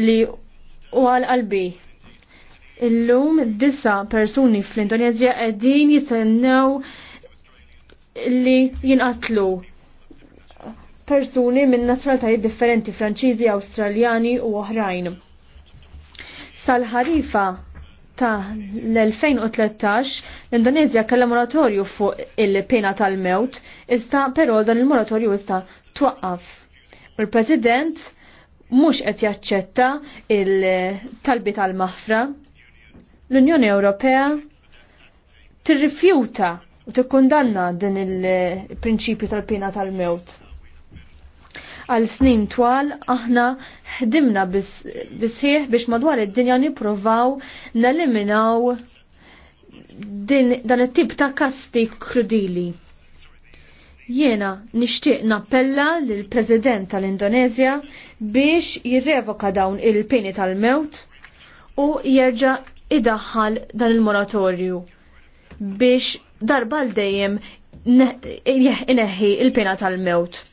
li u għal qalbi. Illum disa persuni fl-Indonezja qegħdin jistennew li jinqatlu persuni minn nazzjonalitajiet differenti Franċiżi, Awstraljani u oħrajn. Sal-ħarifa ta' l-2013 l-Indonezja kellha moratorju fuq il-pena tal-mewt, iżda però dan il-moratorju iżda twaqqaf. Il-President mhux qed jaċċetta il-talbi tal-mafra. L-Unjoni Ewropea tirrifjuta u tikkundanna din il-prinċipju tal-pina tal-mewt. Għal snin twal aħna ħdimna bisħieħ biex madwar id-dinja nippruvaw neliminaw din dan it-tip ta' kasti krudili. Jiena nixtieq nappella lill president tal-Indonezja biex jirrevoka dawn il-pini tal-mewt u jerġa' idaħħal dan il-moratorju biex darba l dejjem ineħħi il-pena tal-mewt.